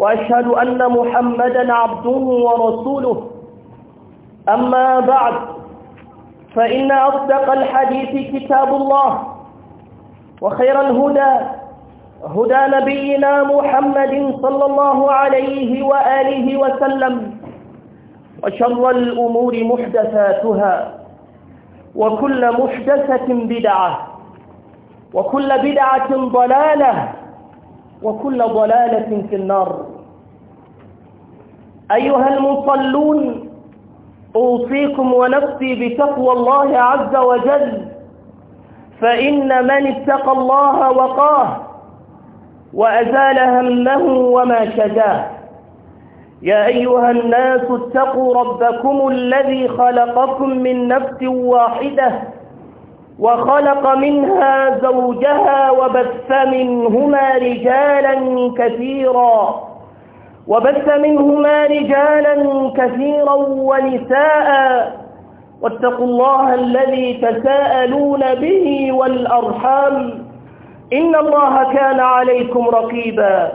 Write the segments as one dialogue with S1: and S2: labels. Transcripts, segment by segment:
S1: وأشهد أن محمدا عبده ورسوله أما بعد فإن أصدق الحديث كتاب الله وخير الهدى هدى نبينا محمد صلى الله عليه وآله وسلم وشر الأمور محدثاتها وكل محدثة بدعة وكل بدعة ضلالة وكل ضلالة في النار أيها المصلون أوصيكم ونفسي بتقوى الله عز وجل فإن من اتقى الله وقاه وأزال همه وما شداه يا أيها الناس اتقوا ربكم الذي خلقكم من نفس واحدة وخلق منها زوجها وبث منهما رجالا كثيرا وبث منهما رجالا كثيرا ونساء واتقوا الله الذي تساءلون به والأرحام إن الله كان عليكم رقيبا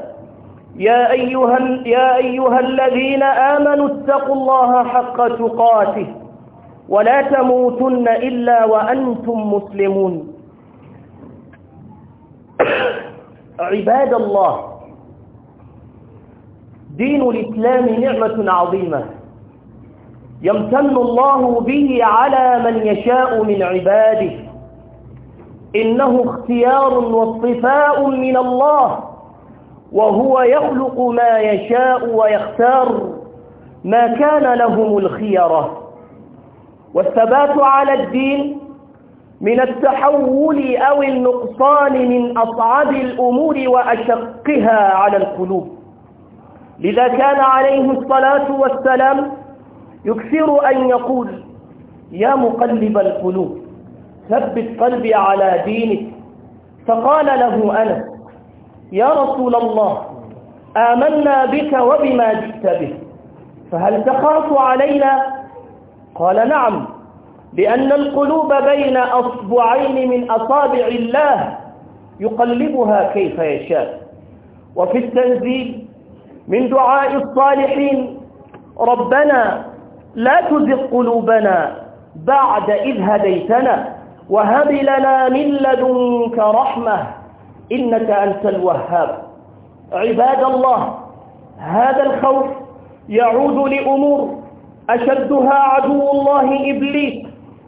S1: يا أيها, يا أيها الذين آمنوا اتقوا الله حق تقاته ولا تموتن إلا وأنتم مسلمون عباد الله دين الإسلام نعمة عظيمة يمتن الله به على من يشاء من عباده إنه اختيار واصطفاء من الله وهو يخلق ما يشاء ويختار ما كان لهم الخيرة والثبات على الدين من التحول أو النقصان من أصعب الأمور وأشقها على القلوب لذا كان عليه الصلاة والسلام يكثر أن يقول يا مقلب القلوب ثبت قلبي على دينك فقال له أنا يا رسول الله آمنا بك وبما جئت به فهل تخاف علينا قال نعم لأن القلوب بين أصبعين من أصابع الله يقلبها كيف يشاء وفي التنزيل من دعاء الصالحين ربنا لا تزغ قلوبنا بعد إذ هديتنا وهب لنا من لدنك رحمة إنك أنت الوهاب عباد الله هذا الخوف يعود لأمور أشدها عدو الله إبليس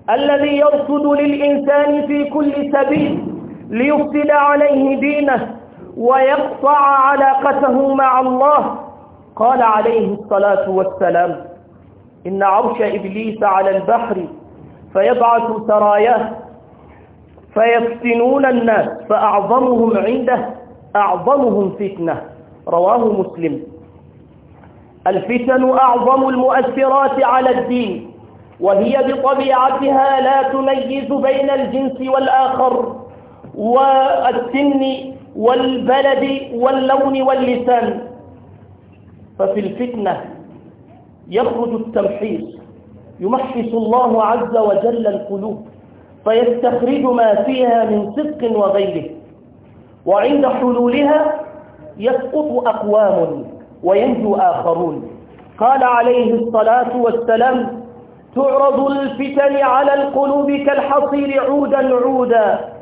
S1: الذي يرصد للإنسان في كل سبيل ليفسد عليه دينه ويقطع علاقته مع الله قال عليه الصلاة والسلام إن عرش إبليس على البحر فيبعث سراياه فيفتنون الناس فأعظمهم عنده أعظمهم فتنة رواه مسلم الفتن أعظم المؤثرات على الدين وهي بطبيعتها لا تميز بين الجنس والآخر والسن والبلد واللون واللسان ففي الفتنة يخرج التمحيص يمحص الله عز وجل القلوب فيستخرج ما فيها من صدق وغيره وعند حلولها يسقط أقوام وينجو آخرون قال عليه الصلاة والسلام تعرض الفتن على القلوب كالحصير عودا عودا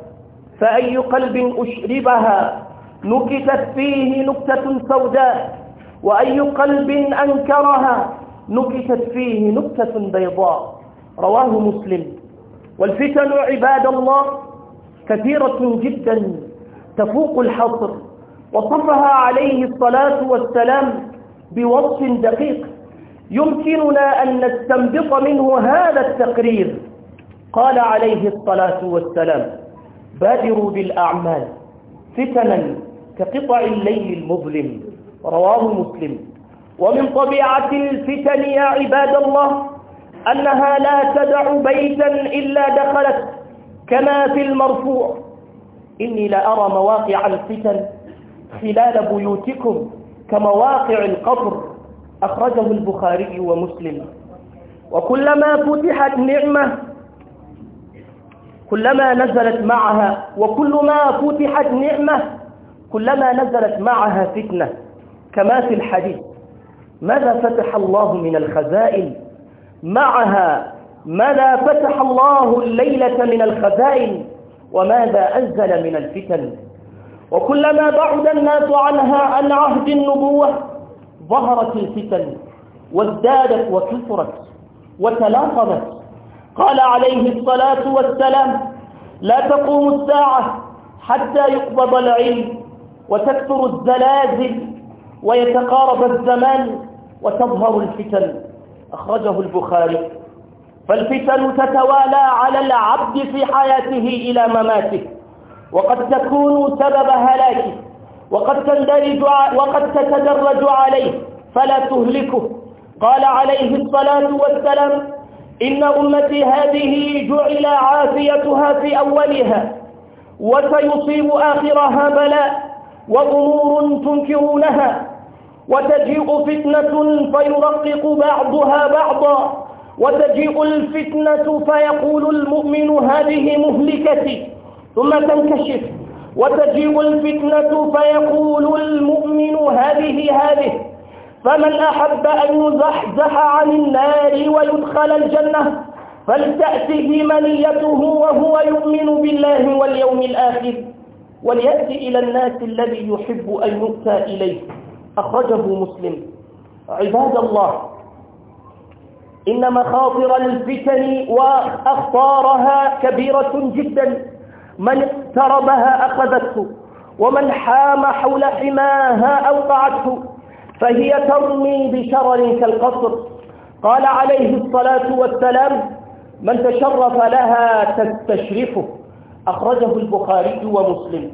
S1: فأي قلب أشربها نكتت فيه نكتة سوداء وأي قلب أنكرها نكتت فيه نكتة بيضاء رواه مسلم والفتن عباد الله كثيرة جدا تفوق الحصر وصفها عليه الصلاة والسلام بوصف دقيق يمكننا أن نستنبط منه هذا التقرير قال عليه الصلاة والسلام بادروا بالأعمال فتنا كقطع الليل المظلم رواه مسلم ومن طبيعة الفتن يا عباد الله أنها لا تدع بيتا إلا دخلت كما في المرفوع إني لأرى مواقع الفتن خلال بيوتكم كمواقع القبر أخرجه البخاري ومسلم وكلما فتحت نعمة كلما نزلت معها وكلما فتحت نعمة كلما نزلت معها فتنة كما في الحديث ماذا فتح الله من الخزائن معها ماذا فتح الله الليلة من الخزائن وماذا أنزل من الفتن وكلما بعد الناس عنها عن عهد النبوة ظهرت الفتن وازدادت وكثرت وتلاطمت قال عليه الصلاة والسلام لا تقوم الساعة حتى يقبض العلم وتكثر الزلازل ويتقارب الزمان وتظهر الفتن أخرجه البخاري فالفتن تتوالى على العبد في حياته إلى مماته وقد تكون سبب هلاكه وقد تندرج وقد تتدرج عليه فلا تهلكه قال عليه الصلاة والسلام إن أمتي هذه جعل عافيتها في أولها وسيصيب آخرها بلاء وأمور تنكرونها وتجيء فتنة فيرقق بعضها بعضا وتجيء الفتنة فيقول المؤمن هذه مهلكتي ثم تنكشف وتجيء الفتنة فيقول المؤمن هذه هذه فمن أحب أن يزحزح عن النار ويدخل الجنة فلتأته منيته وهو يؤمن بالله واليوم الآخر وليأتي إلى الناس الذي يحب أن يؤتى إليه أخرجه مسلم عباد الله إن مخاطر الفتن وأخطارها كبيرة جدا من اقتربها أخذته ومن حام حول حماها أوقعته فهي ترمي بشرر كالقصر قال عليه الصلاة والسلام من تشرف لها تستشرفه أخرجه البخاري ومسلم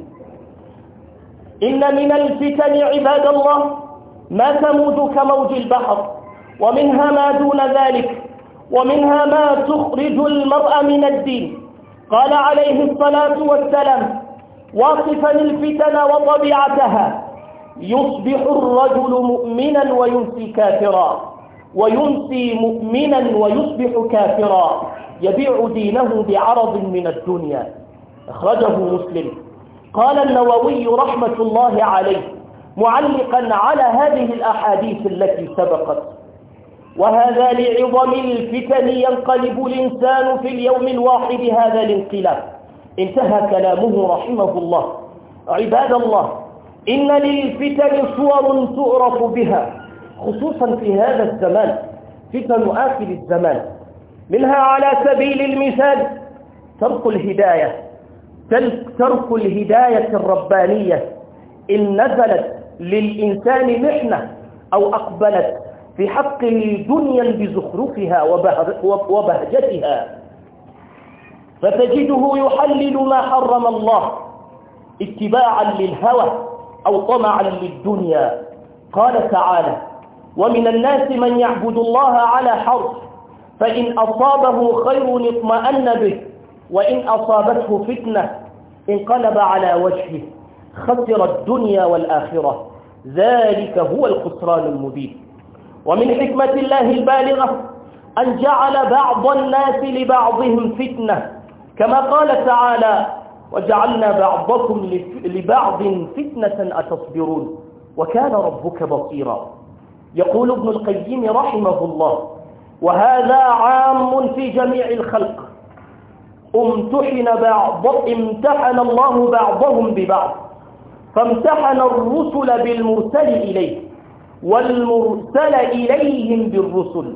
S1: إن من الفتن عباد الله ما تموت كموج البحر ومنها ما دون ذلك ومنها ما تخرج المرء من الدين قال عليه الصلاة والسلام واصفا الفتن وطبيعتها يصبح الرجل مؤمنا وينسي كافرا وينسي مؤمنا ويصبح كافرا يبيع دينه بعرض من الدنيا أخرجه مسلم قال النووي رحمة الله عليه معلقا على هذه الأحاديث التي سبقت وهذا لعظم الفتن ينقلب الإنسان في اليوم الواحد هذا الانقلاب انتهى كلامه رحمه الله عباد الله إن للفتن صور تعرف بها خصوصا في هذا الزمان فتن آخر الزمان منها على سبيل المثال ترك الهداية ترك الهداية الربانية إن نزلت للإنسان محنة أو أقبلت في حقه دنيا بزخرفها وبهجتها فتجده يحلل ما حرم الله اتباعا للهوى أو طمعا للدنيا قال تعالى ومن الناس من يعبد الله على حرف فإن أصابه خير اطمأن به وإن أصابته فتنة انقلب على وجهه خسر الدنيا والآخرة ذلك هو الخسران المبين ومن حكمة الله البالغة أن جعل بعض الناس لبعضهم فتنة كما قال تعالى وجعلنا بعضكم لبعض فتنة أتصبرون وكان ربك بصيرا يقول ابن القيم رحمه الله وهذا عام في جميع الخلق امتحن بعض امتحن الله بعضهم ببعض فامتحن الرسل بالمرسل إليه والمرسل إليهم بالرسل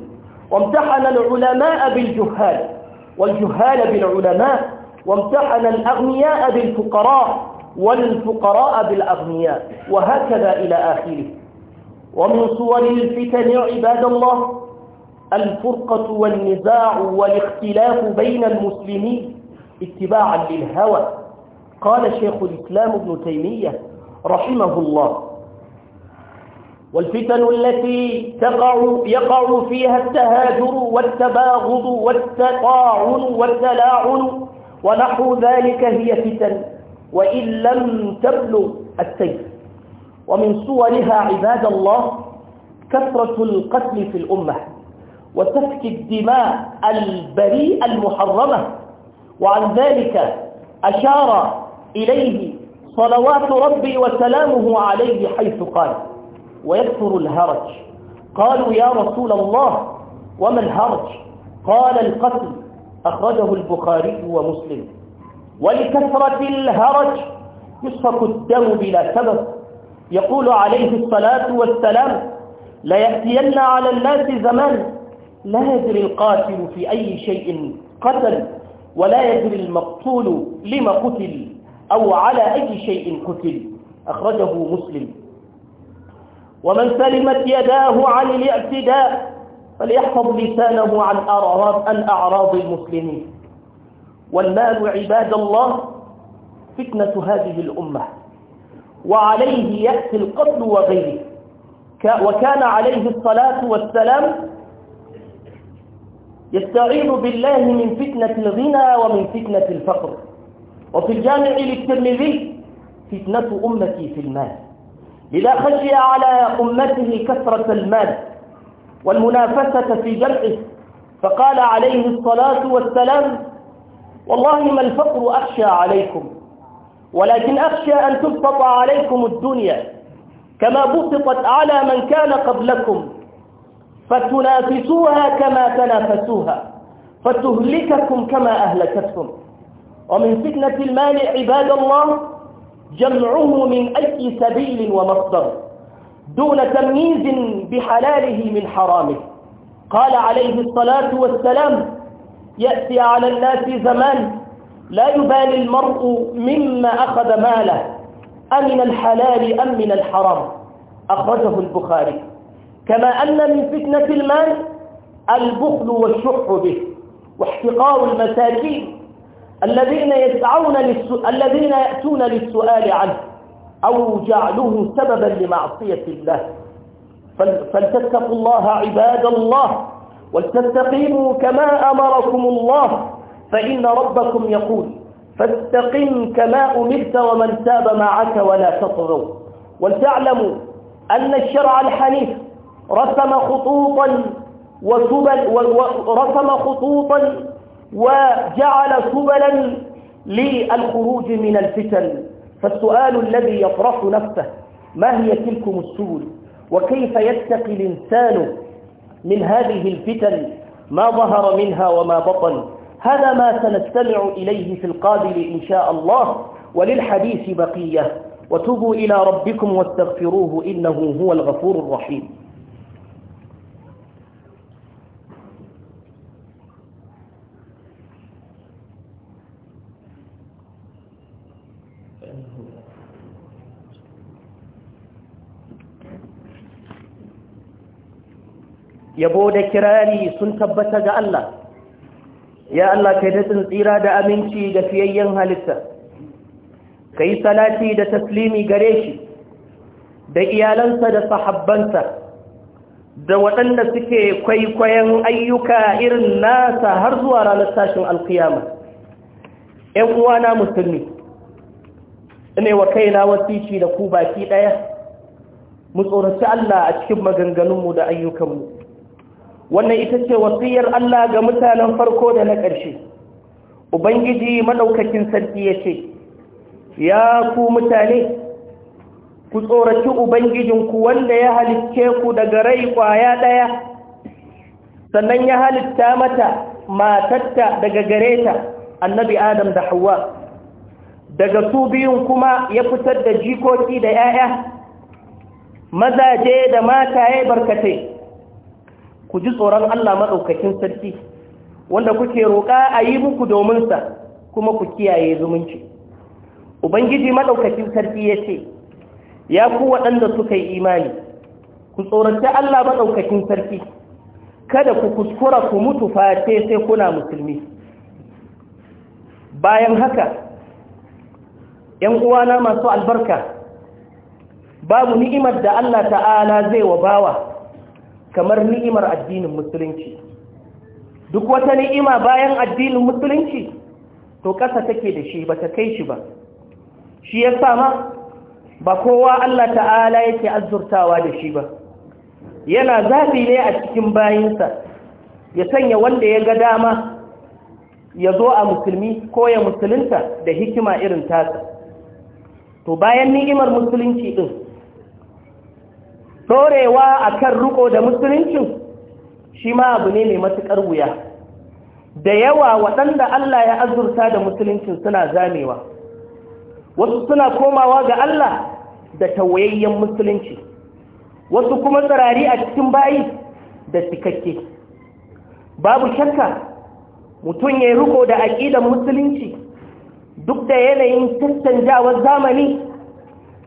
S1: وامتحن العلماء بالجهال والجهال بالعلماء وامتحن الأغنياء بالفقراء والفقراء بالأغنياء وهكذا إلى آخره ومن صور الفتن عباد الله الفرقة والنزاع والاختلاف بين المسلمين اتباعا للهوى قال شيخ الإسلام ابن تيمية رحمه الله والفتن التي تقع يقع فيها التهاجر والتباغض والتطاعن والتلاعن ونحو ذلك هي فتن وإن لم تبلغ السيف ومن صورها عباد الله كثرة القتل في الأمة وتفك الدماء البريء المحرمة وعن ذلك أشار إليه صلوات ربي وسلامه عليه حيث قال ويكثر الهرج قالوا يا رسول الله وما الهرج قال القتل أخرجه البخاري ومسلم ولكثرة الهرج يسفك الدم بلا سبب يقول عليه الصلاة والسلام ليأتين على الناس زمان لا يدري القاتل في أي شيء قتل ولا يدري المقتول لم قتل أو على أي شيء قتل أخرجه مسلم ومن سلمت يداه عن الاعتداء فليحفظ لسانه عن أعراض, عن أعراض المسلمين والمال عباد الله فتنة هذه الأمة وعليه يأتي القتل وغيره وكان عليه الصلاة والسلام يستعيذ بالله من فتنة الغنى ومن فتنة الفقر وفي الجامع للترمذي فتنة أمتي في المال لذا خشي على أمته كثرة المال والمنافسة في جمعه فقال عليه الصلاة والسلام والله ما الفقر أخشى عليكم ولكن أخشى أن تبسط عليكم الدنيا كما بسطت على من كان قبلكم فتنافسوها كما تنافسوها فتهلككم كما أهلكتكم ومن فتنة المال عباد الله جمعه من أي سبيل ومصدر دون تمييز بحلاله من حرامه قال عليه الصلاة والسلام يأتي على الناس زمان لا يبالي المرء مما أخذ ماله أمن الحلال أم من الحرام أخرجه البخاري كما أن من فتنة المال البخل والشح به واحتقار المساكين الذين يسعون للسؤال الذين يأتون للسؤال عنه أو جعله سببا لمعصية الله فلتتقوا الله عباد الله ولتستقيموا كما أمركم الله فإن ربكم يقول فاستقم كما أمرت ومن تاب معك ولا تطغوا ولتعلموا أن الشرع الحنيف رسم خطوطا وسبل ورسم خطوطا وجعل سبلا للخروج من الفتن فالسؤال الذي يطرح نفسه ما هي تلكم السبل وكيف يتقي الإنسان من هذه الفتن ما ظهر منها وما بطن هذا ما سنستمع إليه في القابل إن شاء الله وللحديث بقية وتوبوا إلى ربكم واستغفروه إنه هو الغفور الرحيم yabo da kirari sun tabbata ga Allah ya Allah kai da tsira da aminci ga fiyayyen halitta kai salati da taslimi gare shi da iyalansa da sahabbansa da waɗanda suke kwaikwayon ayyuka irin nasa har zuwa ranar tashin alkiyama ‘yan uwana musulmi ne wa kaina wasici da ku baki ɗaya mu tsoraci Allah a cikin maganganunmu da ayyukanmu wannan ita ce wasiyar Allah ga mutanen farko da na ƙarshe ubangiji madaukakin sarki ya ce ya ku mutane ku tsoraci ubangijinku wanda ya halicce ku daga rai kwaya ɗaya sannan ya halitta mata matatta daga gare ta annabi adam da hawa daga su biyun kuma ya fitar da jikoki da 'ya'ya mazaje da mataye barkatai ku ji tsoron Allah maɗaukakin sarki wanda kuke roƙa a yi muku dominsa kuma ku kiyaye zumunci ubangiji maɗaukakin sarki ya ce ya ku waɗanda suka yi imani ku tsoronci Allah maɗaukakin sarki kada ku kuskura ku mutu face sai kuna musulmi bayan haka ‘yan uwana masu albarka babu ni'imar da Allah ta'ala zai wa bawa kamar ni'imar addinin musulunci duk wata ni'ima bayan addinin musulunci to ƙasa take da shi ba ta kai shi ba shi ya sama ba kowa Allah ta'ala yake azurtawa da shi ba yana zafi ne a cikin bayinsa ya sanya wanda ya ga dama ya zo a musulmi ko ya musulunta da hikima irin tasa to bayan ni'imar musulunci ɗin Torewa a kan riko da musuluncin shi ma abu ne mai matuƙar wuya da yawa waɗanda Allah ya azurta da musuluncin suna zamewa wasu suna komawa ga Allah da tawayayyen musulunci wasu kuma tsirari a cikin bayi da cikakke babu shakka mutum ya yi riko da aƙidar musulunci duk da yanayin jawar zamani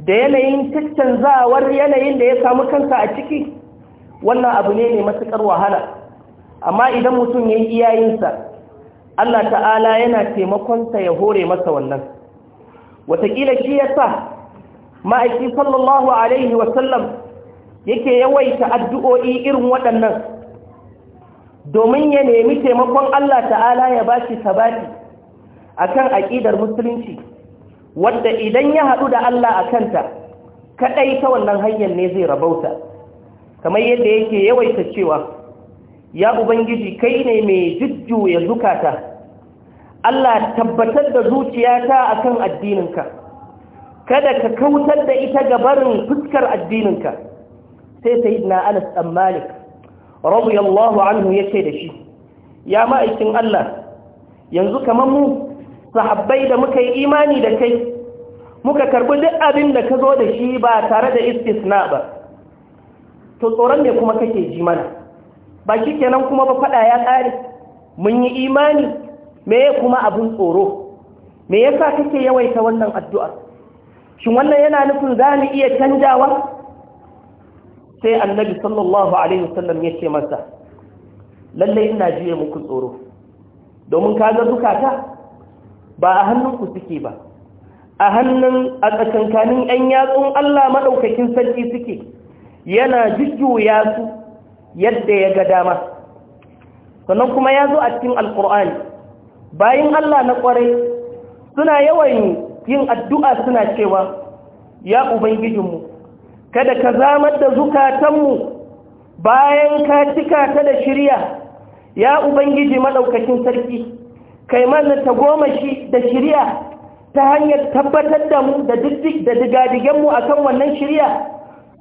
S1: da yanayin caccanzawar yanayin da ya samu kansa a ciki wannan abu ne mai matuƙar wahala amma idan mutum ya yi iyayensa Allah ta'ala yana taimakonsa ya hore masa wannan wataƙila shi ya sa ma'aiki sallallahu alaihi wasallam yake yawaita addu'o'i irin waɗannan domin ya nemi taimakon Allah ta'ala ya ba shi sabati a kan aƙidar musulunci Wanda idan ya haɗu da Allah a kanta kaɗai ta wannan hanyar ne zai rabauta kamar yadda yake yawaita cewa ya ubangiji kai ne mai jujjuya zukata Allah tabbatar da zuciyata a kan addininka kada ka kautar da ita gabarin fuskar addininka sai na Anas ɗan Malik yallahu anhu ce da shi ya ma'aikin Allah yanzu kamar mu sahabbai da muka yi imani da kai muka karbi duk abin da ka zo da shi ba tare da istisna ba to tsoron ne kuma kake ji mana ba shi kenan kuma ba faɗa ya ƙare mun yi imani me kuma abin tsoro me ya sa kake yawaita wannan addu'ar shin wannan yana nufin za mu iya canjawa sai annabi sallallahu alaihi wasallam ya ce masa lallai ina jiye muku tsoro domin ka ga zukata ba a hannunku suke ba a hannun a tsakankanin 'yan yatsun Allah maɗaukakin sarki suke yana jujjuya su yadda ya ga dama sannan kuma ya zo a cikin alkur'ani bayan Allah na ƙwarai suna yawan yin addu'a suna cewa ya ubangijinmu kada ka zamar da zukatanmu bayan ka cika ta da shirya ya ubangiji maɗaukakin sarki kai mana ta goma shi da shirya ta hanyar tabbatar da mu da digadigan mu akan wannan shirya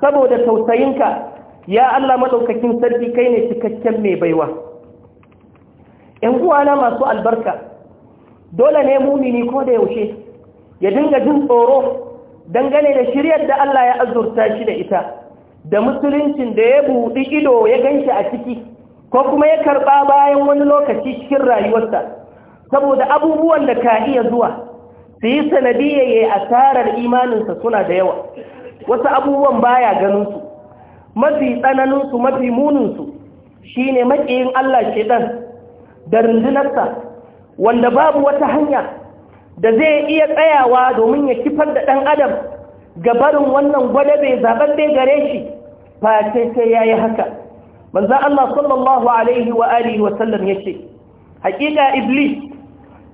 S1: saboda tausayinka ya Allah maɗaukakin sarki kai ne cikakken mai baiwa ‘yan na masu albarka dole ne mumini ko da yaushe ya dinga jin tsoro dangane da shiryar da Allah ya azurta shi da ita da musuluncin da ya buɗi ido ya ganshi a ciki ko kuma ya karɓa bayan wani lokaci cikin rayuwarsa saboda abubuwan da ka iya zuwa su yi sanadiyya ya yi asarar imaninsa suna da yawa wasu abubuwan baya ganinsu mafi tsananinsu mafi muninsu shi ne maƙiyin Allah shidan da rundunarsa wanda babu wata hanya da zai iya tsayawa domin ya kifar da ɗan adam gabarin wannan gwada bai zaɓaɓɓe gare shi face sai ya yi haka manzan Allah sallallahu Alaihi wa Alihi wasallam ya ce haƙiƙa iblis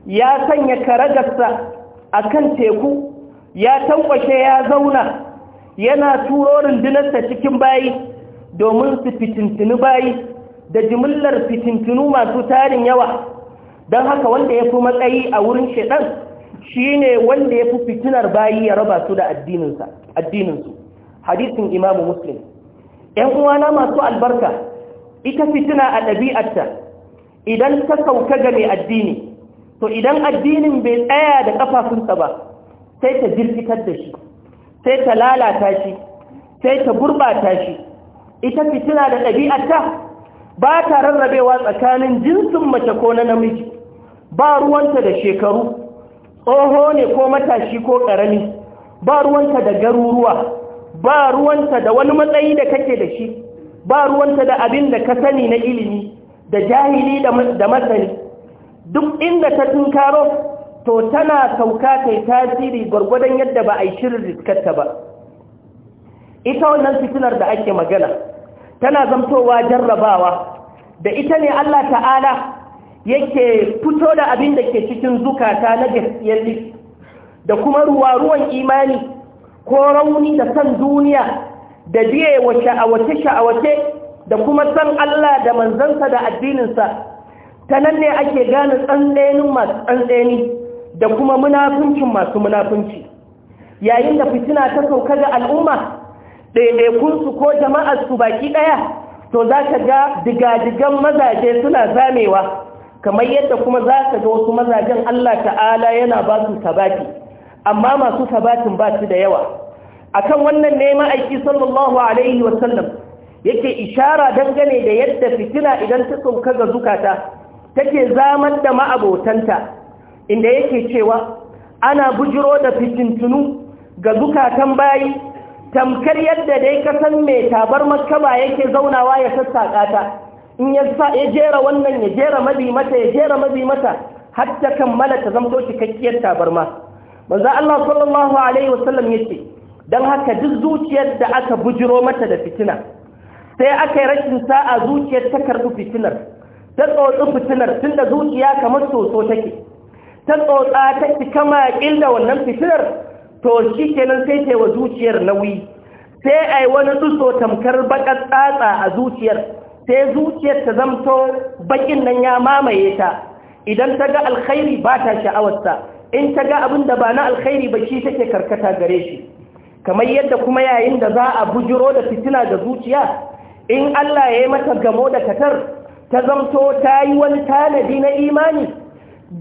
S1: ya sanya karagarsa a kan teku ya tankwashe ya zauna yana turo rundunarsa cikin bayi domin su fitintunu bayi da jimillar fitintinu masu tarin yawa don haka wanda ya fi matsayi a wurin shaɗan shi ne wanda ya fi fitinar bayi ya raba su da addininsu hadisin imamu muslim ‘yan uwana masu albarka ita fitina a ɗabi'arta idan ta sauka ga mai addini to idan addinin bai tsaya da kafafunsa ba sai ta jirgitar da shi sai ta lalata shi sai ta gurbata shi ita fitina da ɗabi'arta ba ta rarrabewa tsakanin jinsin mace ko na namiji ba ruwanta da shekaru tsoho ne ko matashi ko ƙarami ba ruwanta da garuruwa ba ruwanta da wani matsayi da kake da shi ba ruwanta da abin da ka sani na ilimi da jahili da masani duk inda ta tunkaro to tana sauka kai tasiri gwargwadon yadda ba a yi shirin riskarta ba ita wannan fitinar da ake magana tana zamtowa jarrabawa da ita ne Allah ta'ala yake fito da abin da ke cikin zukata na gaskiyar da kuma ruwa-ruwan imani ko rauni da san duniya da biye wace a wace sha'awace da kuma san Allah da manzansa da addininsa ta nan ne ake gane tsantsenin masu tsantseni da kuma munafuncin masu munafunci yayin da fitina ta sauka ga al'umma ɗaiɗaikunsu ko jama'arsu baki ɗaya to za ka ga digadigan mazaje suna zamewa kamar yadda kuma za ka ga wasu mazajen Allah ta'ala yana ba su sabati amma masu sabatin ba su da yawa A kan wannan ne ma'aiki sallallahu alaihi wasallam yake ishara dangane da yadda fitina idan ta sauka ga zukata take zamar da ma'abotanta inda yake cewa ana bujiro da fitintunu ga zukatan bayi tamkar yadda dai kasan mai tabar makaba yake zaunawa ya sassaƙata, in ya jera wannan ya jera mabi mata ya jera mabi mata har ta kammala ta zamto cikakkiyar tabarma manzo Allah sallallahu alaihi wasallam yace dan haka duk zuciyar da aka bujiro mata da fitina sai aka yi rashin sa'a zuciyar ta karɓi fitinar ta tsotsi fitinar tun da zuciya kamar soso take ta tsotsa ta cika maƙil da wannan fitinar to shi kenan sai ta wa zuciyar nauyi sai ai wani tsuso tamkar baƙar tsatsa a zuciyar sai zuciyar ta zamto baƙin nan ya mamaye ta idan ta ga alkhairi ba ta sha'awarsa in ta ga abin da ba na alkhairi ba shi take karkata gare shi kamar yadda kuma yayin da za a bujiro da fitina da zuciya in Allah ya yi mata gamo da katar ta zamto ta yi wani tanadi na imani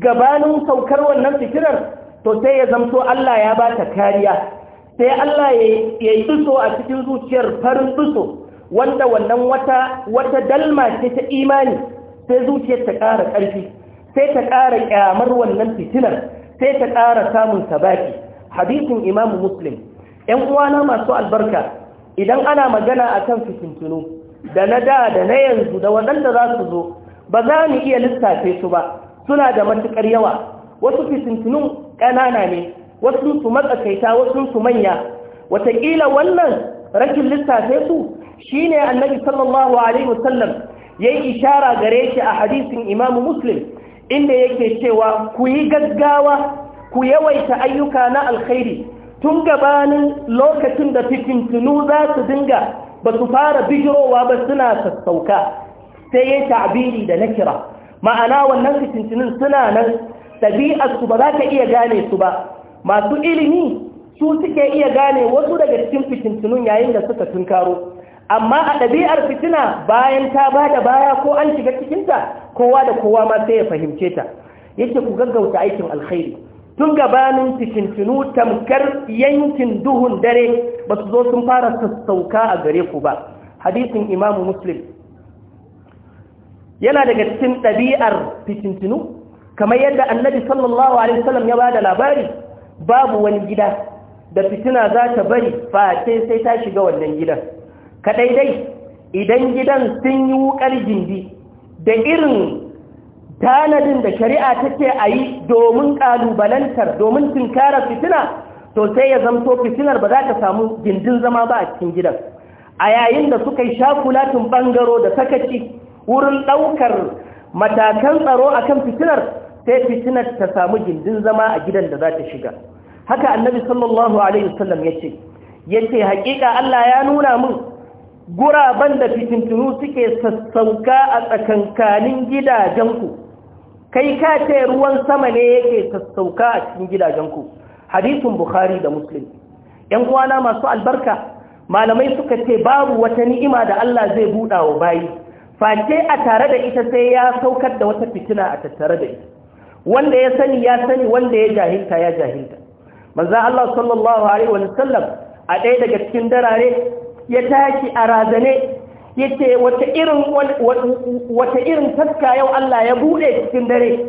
S1: gabanin saukar wannan fitirar to sai ya zamto Allah ya ba ta kariya sai Allah ya yi duso a cikin zuciyar farin duso wanda wannan wata wata dalma ce ta imani sai zuciyar ta ƙara ƙarfi sai ta ƙara ƙyamar wannan fitinar sai ta ƙara samun sabaki hadisin imamu muslim ‘yan uwana masu albarka idan ana magana a kan fitintunu da na da da na yanzu da waɗanda za su zo ba za mu iya lissafe su ba suna da matuƙar yawa wasu fitintunun ƙanana ne wasu su matsakaita wasu su manya wataƙila wannan rashin lissafe su shine annabi sallallahu alaihi wasallam yayi ishara gare shi a hadisin imamu muslim inda yake cewa ku yi gaggawa ku yawaita ayyuka na alkhairi tun gabanin lokacin da fitintunu za su dinga ba su fara bijirowa ba suna sassauka sai ya ta'abiri da kira, ma'ana wannan fitintinin suna nan ɗabi'arsu ba za ka iya gane su ba masu ilimi su suke iya gane wasu daga cikin fitintunun yayin da suka tunkaro amma a ɗabi'ar fitina bayan ta ba da baya ko an shiga cikinta kowa da kowa ma sai ya fahimce ta yake ku gaggauta aikin alkhairi tun gabanin cikintinu tamkar yankin duhun dare ba su zo sun fara sassauka a gare ku ba hadisin imamu muslim yana daga cikin ɗabi'ar fikintinu kamar yadda annabi sallallahu alaihi wasallam ya ba da labari babu wani gida da fitina za ta bari face sai ta shiga wannan gidan kaɗai dai idan gidan sun yi wuƙar gindi da irin tanadin da shari'a take a yi domin ƙalubalantar domin tunkarar fitina to sai ya zamto fitinar ba za ka samu gindin zama ba a cikin gidan a yayin da suka yi shakulatin ɓangaro da sakaci wurin ɗaukar matakan tsaro a kan fitinar sai fitinar ta samu gindin zama a gidan da za ta shiga haka annabi sallallahu alaihi wasallam ya ce ya ce haƙiƙa allah ya nuna min guraben da fitintunu suke sassauka a tsakankanin gidajenku kai ka ce ruwan sama ne yake sassauka a cikin gidajenku hadisin bukhari da muslim yan uwana masu albarka malamai suka ce babu wata ni'ima da Allah zai buɗa wa bayi face a tare da ita sai ya saukar da wata fitina a tattare da ita wanda ya sani ya sani wanda ya jahilta ya jahilta manzo Allah sallallahu alaihi wa sallam a ɗaya daga cikin darare ya tashi a razane yace wata irin wata irin taska yau Allah ya bude cikin dare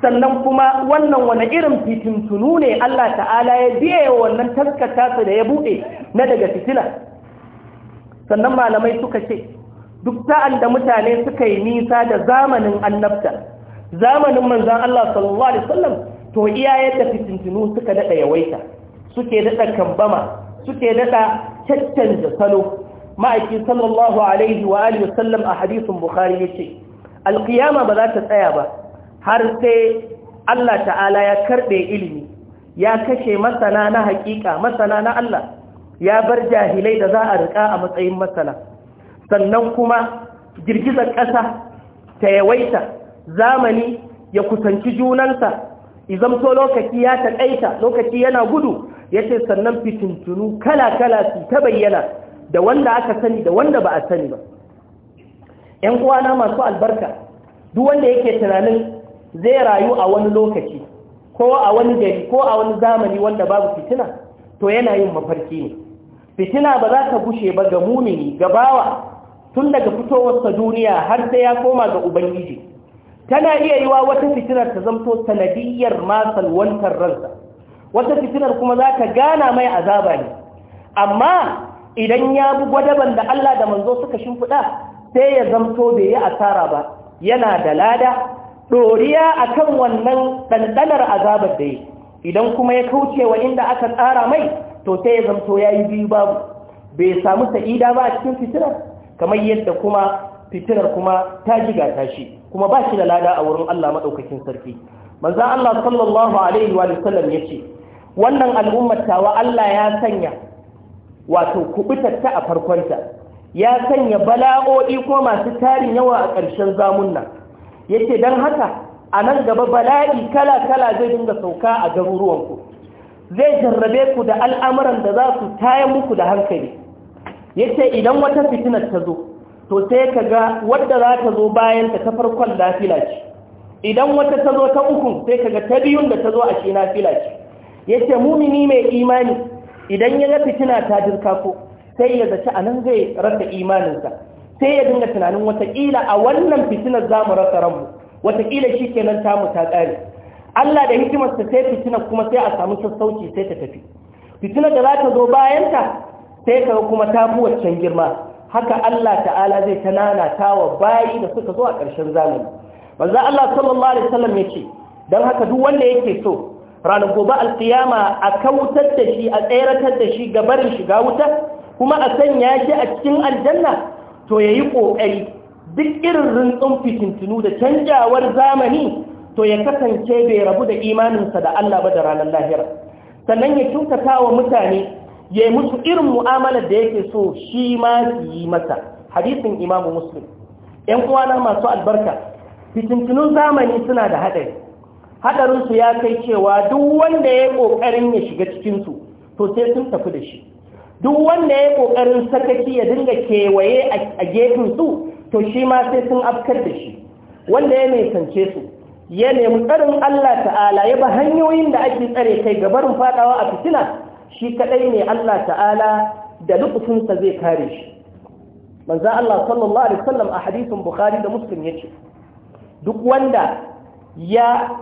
S1: sannan kuma wannan wani irin fitin tunu ne Allah ta'ala ya biye wannan taska tasa da ya bude na daga fitina sannan malamai suka ce duk sa'an da mutane suka yi nisa da zamanin annabta zamanin manzan Allah sallallahu alaihi wasallam to iya yadda tunu suka daɗa yawaita suke dada kambama suke dada caccanja salo ma'aiki sallallahu alaihi wa alihi a hadisin bukhari yace alqiyama ba za ta tsaya ba har sai Allah ta'ala ya karbe ilimi ya kashe masana na hakika masana na Allah ya bar jahilai da za a rika a matsayin masana sannan kuma girgizar ƙasa ta yawaita zamani ya kusanci junansa izamto lokaci ya taƙaita lokaci yana gudu ya ce sannan fitintunu kala-kala su ta bayyana da wanda aka sani da wanda ba a sani ba ‘yan uwana masu albarka duk wanda yake tunanin zai rayu a wani lokaci ko a wani gari ko a wani zamani wanda babu fitina to yana yin mafarki ne fitina ba za ta gushe ba ga mumini ga bawa tun daga fitowarsa duniya har sai ya koma ga ubangiji tana iya yi wa wata fitinar ta zamto sanadiyyar wantar ransa wata fitinar kuma za ta gana mai azaba ne amma idan ya bi gwadaban da Allah da manzo suka shimfiɗa sai ya zamto bai yi asara ba yana da lada ɗoriya a kan wannan ɗanɗanar azabar da yi idan kuma ya kauce wa inda aka tsara mai to sai ya zamto ya yi biyu babu bai samu sa'ida ba a cikin fitinar kamar yadda kuma fitinar kuma ta ji ta shi kuma ba shi da lada a wurin Allah maɗaukakin sarki manzo Allah sallallahu alaihi wa sallam ya ce wannan al'ummar tawa Allah ya sanya wato kubutatta a farkonta ya sanya bala'o'i ko masu tarin yawa a ƙarshen zamun nan yake don haka a nan gaba bala'i kala-kala zai dinga sauka a garuruwanku zai jarrabe ku da al'amuran da za su taya muku da hankali yace idan wata fitinar ta zo to sai ka ga wadda za ta zo bayan ta farkon lafila ce idan wata ta zo ta uku sai ka ga ta biyun da ta zo a shi lafila ce yace mumini mai imani idan ya ga fitina ta jirka ko sai ya zaci a nan zai rasa imaninsa sai ya dinga tunanin watakila a wannan fitinar za mu rasa ranmu watakila shi kenan nan ta ƙare Allah da hikimarsa sai fitinar kuma sai a samu sassauci sai ta tafi fitinar da za ta zo bayanta sai ka kuma ta fi waccan girma haka Allah ta'ala zai ta ta wa bayi da suka zo a ƙarshen zamani manzo Allah sallallahu alaihi wasallam ya ce don haka duk wanda yake so ranar gobe alkiyama a kautar da shi a tseratar da shi barin shiga wuta kuma a sanya shi a cikin aljanna to ya yi ƙoƙari duk irin rintsun fitintunu da canjawar zamani to ya kasance bai rabu da imaninsa da Allah ba da ranar lahira sannan ya kyautata wa mutane ya yi musu irin mu'amalar da yake so shi ma su yi masa hadisin imamu muslim ‘yan uwana masu albarka fitintunun zamani suna da haɗari hadarinsu ya kai cewa duk wanda ya yi ƙoƙarin ya shiga cikinsu to sai sun tafi da shi duk wanda ya yi ƙoƙarin sakaci ya dinga kewaye a su, to shi ma sai sun afkar da shi wanda ya nisance su ya nemi tsarin Allah ta'ala ya ba hanyoyin da ake tsare kai gabarin fadawa a fitina shi kaɗai ne Allah ta'ala da lukufinsa zai kare shi manzo Allah sallallahu alaihi wasallam a hadisin Bukhari da Muslim yace duk wanda ya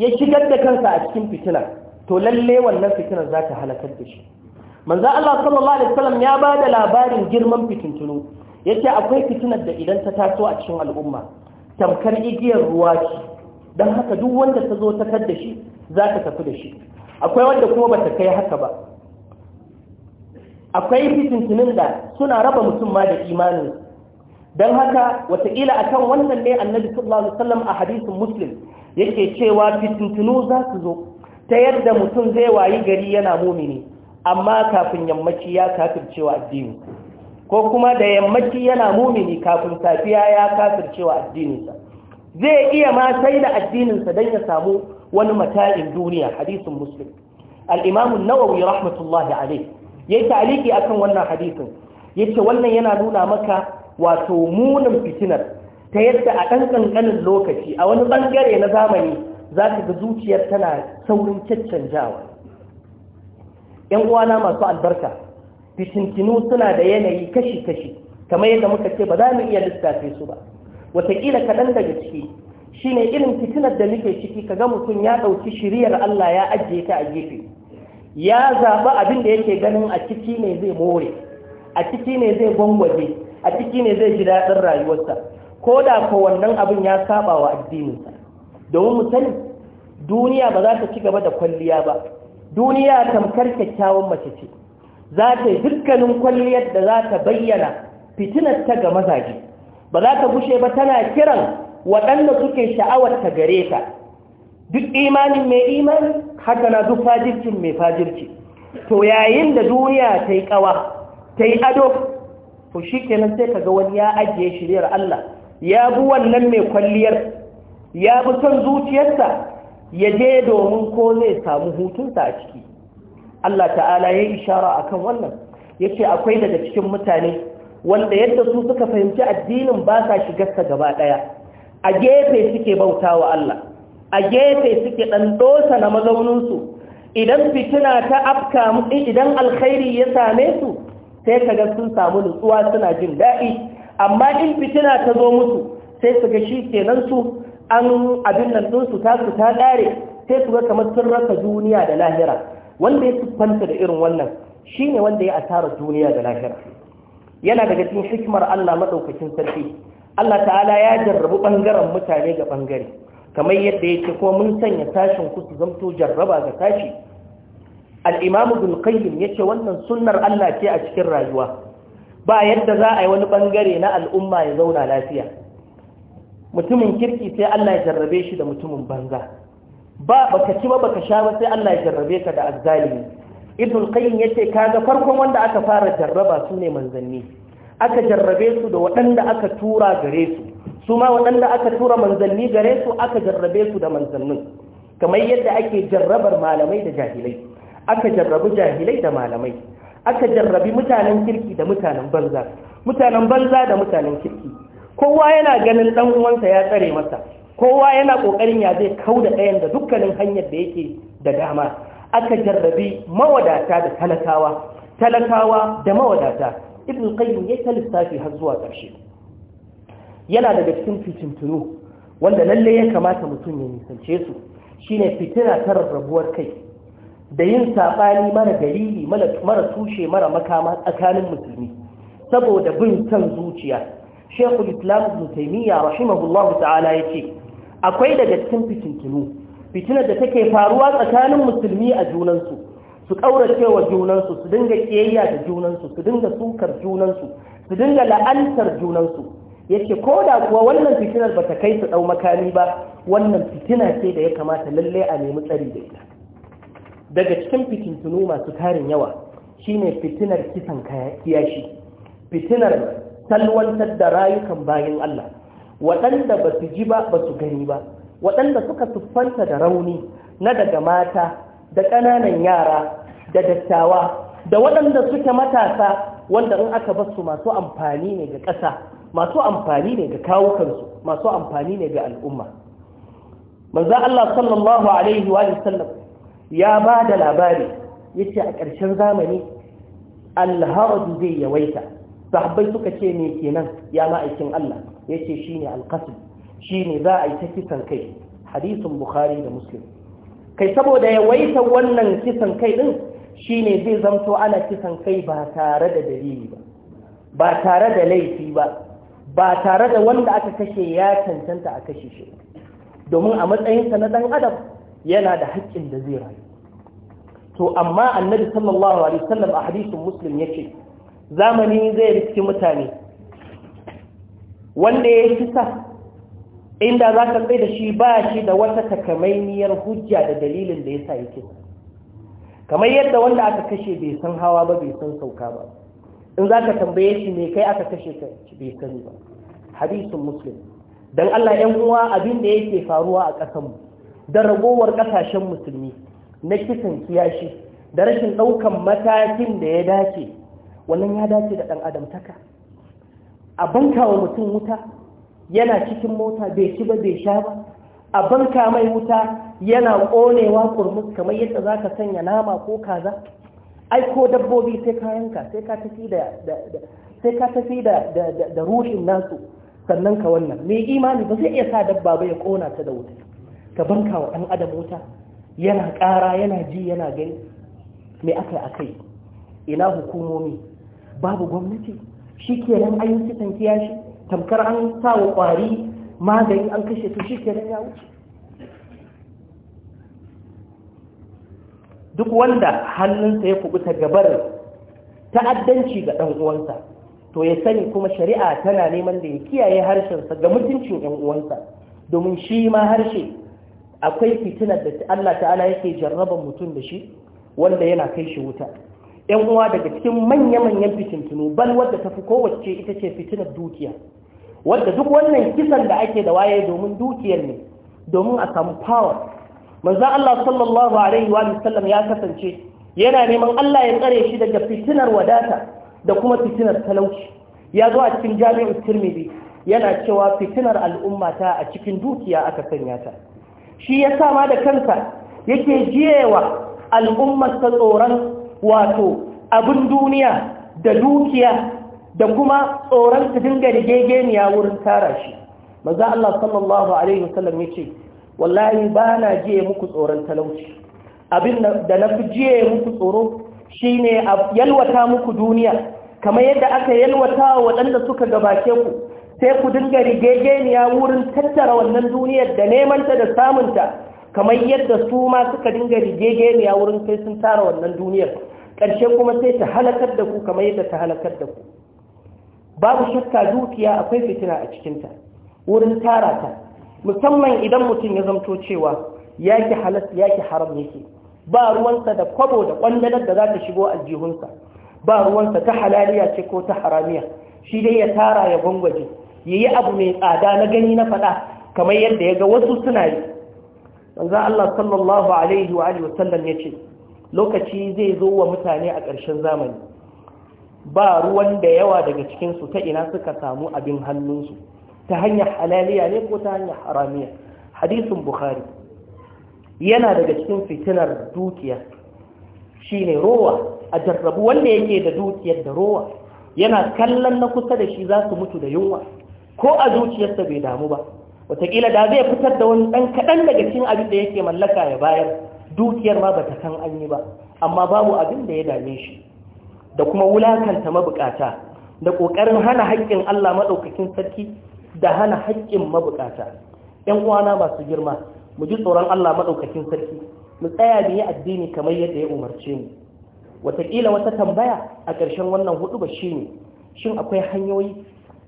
S1: ya shigar da kansa a cikin fitinar to lalle wannan fitinar za ta halakar da shi manzo Allah sallallahu alaihi wasallam ya ba da labarin girman fitintunu yace akwai fitinar da idan ta taso a cikin al'umma tamkar igiyar ruwa ce dan haka duk wanda ta zo ta kar shi za ta tafi da shi akwai wanda kuma ba ta kai haka ba akwai fitintunun da suna raba mutum ma da imanin don haka wataƙila akan wannan ne annabi sallallahu alaihi wasallam a hadisin muslim yake cewa fitintunu za su zo ta yadda mutum zai wayi gari yana mumini amma kafin yammaci ya kafircewa addini ko kuma da yammaci yana mumini kafin safiya ya kafircewa addininsa zai iya ma sai da addininsa don ya samu wani mata'in duniya hadisin muslim al nawawi rahmatullahi alayh yayi ta'liqi akan wannan hadisin yace wannan yana nuna maka wato munin fitinar ta yadda a ɗan ƙanƙanin lokaci a wani ɓangare na zamani za ka ga zuciyar tana saurin caccanjawa ‘yan uwana masu albarka fitintinu suna da yanayi kashi-kashi kamar yadda muka ce ba za mu iya lissafe su ba wataƙila kaɗan daga ciki shine irin fitinar da muke ciki ka ga mutum ya ɗauki shiriyar Allah ya ajiye ta a gefe ya zaɓi abin da yake ganin a ciki ne zai more a ciki ne zai gwangwaje a ciki ne zai ji daɗin rayuwarsa ko da ko wannan abin ya saba wa addininsa domin mu sani duniya ba za ta ci gaba da kwalliya ba duniya tamkar kyakkyawan mace ce za ta yi dukkanin kwalliyar da za ta bayyana fitinar ta ga mazaje ba za ta gushe ba tana kiran waɗanda suke sha'awar ta gare ta duk imanin mai imani haka na duk fajircin mai fajirci to yayin da duniya ta yi ƙawa ta yi ado to shi kenan sai ka ga wani ya ajiye shiriyar Allah ya bi wannan mai kwalliyar ya bi son zuciyarsa ya je domin ko zai samu hutunsa a ciki Allah ta'ala ya yi ishara kan wannan ya ce akwai daga cikin mutane wanda yadda su suka fahimci addinin ba sa shigarsa gaba ɗaya. a gefe suke bautawa Allah a gefe suke ɗan dosa na mazauninsu idan fitina ta afka idan alkhairi ya same su sai kaga sun samu nutsuwa suna jin daɗi amma in fitina ta zo musu sai su ga shi kenan su an abin nan su ta su ta dare sai su ga kamar sun rasa duniya da lahira wanda ya siffanta da irin wannan shine wanda ya asara duniya da lahira yana daga cikin hikimar Allah maɗaukacin sarki Allah ta'ala ya jarrabu bangaren mutane ga ɓangare kamar yadda yake ce kuma mun sanya tashin ku su zamto jarraba ga tashi al'imamu bin qayyim ya ce wannan sunnar Allah ce a cikin rayuwa ba yadda za a yi wani bangare na al'umma ya zauna lafiya mutumin kirki sai Allah ya jarrabe shi da mutumin banza ba baka ci ba baka sha ba sai Allah ya jarrabe ka da azzalimi ibn qayyim yace ga farkon wanda aka fara jarraba su ne manzanni aka jarrabe su da waɗanda aka tura gare su su ma waɗanda aka tura manzanni gare su aka jarrabe su da manzannin kamar yadda ake jarrabar malamai da jahilai aka jarrabu jahilai da malamai aka jarrabi mutanen kirki da mutanen banza mutanen banza da mutanen kirki kowa yana ganin dan uwansa ya tsare masa kowa yana kokarin ya zai kau da ɗayan da dukkanin hanyar da yake da dama aka jarrabi mawadata da talakawa talakawa da mawadata ibn qayyim ya ta lissafi har zuwa ƙarshe yana daga cikin fitintunu wanda lalle ya kamata mutum ya nisance su shine fitina ta rarrabuwar kai da yin saɓani mara dalili mara tushe mara makama tsakanin musulmi saboda bin san zuciya shekul islam ibn taimiyya ta'ala ya ce akwai daga cikin fitintunu fitinar da take faruwa tsakanin musulmi a junansu su ƙaurace wa junansu su dinga ƙiyayya da junansu su dinga sukar junansu su dinga la'antar junansu yake ko da kuwa wannan fitinar ba ta kai su ɗau makami ba wannan fitina ce da ya kamata lallai a nemi tsari da ita daga cikin fitintunu masu tarin yawa shine fitinar kisan kiyashi fitinar salwantar da rayukan bayan Allah waɗanda ba su ji ba ba su gani ba waɗanda suka tuffanta da rauni na daga mata da ƙananan yara da dattawa da waɗanda suke matasa wanda in aka ba su masu amfani ne ga ƙasa masu amfani ne ga kawukansu masu amfani ne ga al'umma manzo Allah sallallahu alaihi wa sallam ya ba da labari ya ce a ƙarshen zamani alharadu zai yawaita sahabbai suka ce ne kenan ya ma'aikin Allah ya ce shi ne alkasu shi ne za a yi ta kisan kai hadisun bukhari da muslim kai saboda yawaita wannan kisan kai ɗin shi ne zai zamto ana kisan kai ba tare da dalili ba ba tare da laifi ba ba tare da wanda aka kashe ya cancanta a kashe shi domin a matsayinsa na ɗan adam yana da haƙƙin da zai rayu to amma annabi sallallahu alaihi wasallam a hadisin muslim yace zamani zai riski mutane wanda ya kisa inda za ka tsaye da shi ba shi da wata takamaimiyar hujja da dalilin da ya sa ya kamar yadda wanda aka kashe bai san hawa ba bai san sauka ba in za ka tambaye shi ne kai aka kashe ka bai sani ba hadisin muslim don allah yan uwa abin da yake faruwa a ƙasanmu da ragowar ƙasashen musulmi na kisan kiyashi da rashin ɗaukan matakin da ya dace wannan ya dace da ɗan adamtaka a banka wa mutum wuta yana cikin mota bai ci ba bai sha ba a banka mai wuta yana ƙonewa kurmus kamar yadda za ka sanya nama ko kaza ai ko dabbobi sai kayanka sai ka tafi da sai ka tafi da da nasu sannan ka wannan mai imani ba zai iya sa dabba ba ya kona ta da wuta ka banka wa ɗan adam wuta yana ƙara yana ji yana gani mai aka a kai ina hukumomi babu gwamnati shi ke nan an yi sitan kiyashi tamkar an sa wa ƙwari magani an kashe su shi ke nan ya wuce duk wanda hannunsa ya kubuta gabar ta'addanci ga ɗan uwansa to ya sani kuma shari'a tana neman da ya kiyaye harshensa ga mutuncin 'yan uwansa domin shi ma harshe akwai fitinar da Allah ta'ala yake jarraban mutum da shi wanda yana kai shi wuta ‘yan uwa daga cikin manya-manyan fitintunu bal wadda ta fi kowace ita ce fitinar dukiya wadda duk wannan kisan da ake da waye domin dukiyar ne domin a samu power manzo Allah sallallahu alaihi wa sallam ya kasance yana neman Allah ya tsare shi daga fitinar wadata da kuma fitinar talauci ya zo a cikin jami'ar Tirmidhi yana cewa fitinar al'umma ta a cikin dukiya aka sanya ta shi ya sama da kansa yake jiyewa al'ummar ta tsoron wato abin duniya da dukiya da kuma tsoron su dinga da rigegeniya wurin tara shi maza Allah sallallahu alaihi wasallam ya ce wallahi ba na jiye muku tsoron talauci abin da na fi jiye muku tsoro shi shine yalwata muku duniya kamar yadda aka yalwata waɗanda suka gabake ku sai ku dinga rigegeniya wurin tattara wannan duniyar da nemanta da samunta kamar yadda su ma suka dinga rigegeniya wurin kai sun tara wannan duniyar ƙarshe kuma sai ta halakar da ku kamar yadda ta halakar da ku babu shakka dukiya akwai fitina a cikinta wurin tara ta musamman idan mutum ya zamto cewa yaki halas yaki haram yake ba ruwansa da kwabo da kwandalar da za ta shigo aljihunsa ba ruwansa ta halaliya ce ko ta haramiya shi dai ya tara ya gwangwaje Yi abu mai tsada na gani na fada kamar yadda ya ga wasu suna yi manzo Allah sallallahu alaihi wa alihi wasallam yace lokaci zai zo wa mutane a ƙarshen zamani ba ruwan da yawa daga cikinsu ta ina suka samu abin hannunsu ta hanyar halaliya ne ko ta hanyar haramiya hadisin bukhari yana daga cikin fitinar dukiya ne rowa a jarrabu wanda yake da dukiyar da rowa yana kallon na kusa da shi za su mutu da yunwa ko a zuciyarsa bai damu ba wataƙila da zai fitar da wani ɗan kaɗan daga cikin abin da yake mallaka ya bayar dukiyar ma ba ta kan an yi ba amma babu abin da ya dame shi da kuma wulakanta mabukata da ƙoƙarin hana haƙƙin Allah maɗaukakin sarki da hana haƙƙin mabukata ‘yan uwana masu girma mu ji tsoron Allah maɗaukakin sarki mu tsaya da yi addini kamar yadda ya umarce mu wataƙila wata tambaya a ƙarshen wannan hudu ba shi ne shin akwai hanyoyi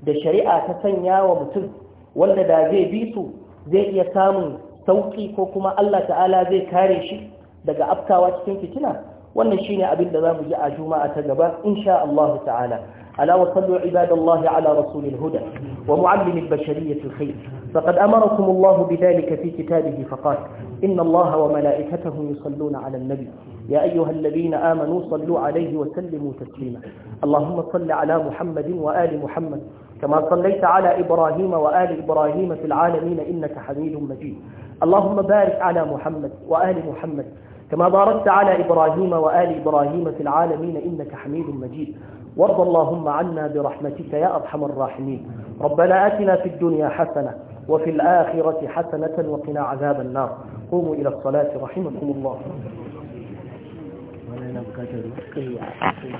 S1: da shari'a ta sanya wa mutum wanda da zai bi su zai iya samun sauƙi ko kuma Allah ta'ala zai kare shi daga afkawa cikin fitina wannan shine abin da za mu ji a juma'a ta gaba insha Allah ta'ala ألا وصلوا عباد الله على رسول الهدى ومعلم البشرية الخير فقد أمركم الله بذلك في كتابه فقال إن الله وملائكته يصلون على النبي يا أيها الذين آمنوا صلوا عليه وسلموا تسليما اللهم صل على محمد وآل محمد كما صليت على إبراهيم وآل إبراهيم في العالمين إنك حميد مجيد اللهم بارك على محمد وآل محمد كما باركت على إبراهيم وآل إبراهيم في العالمين إنك حميد مجيد وارض اللهم عنا برحمتك يا أرحم الراحمين ربنا آتنا في الدنيا حسنة وفي الآخرة حسنة وقنا عذاب النار قوموا إلى الصلاة رحمكم الله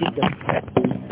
S1: جدا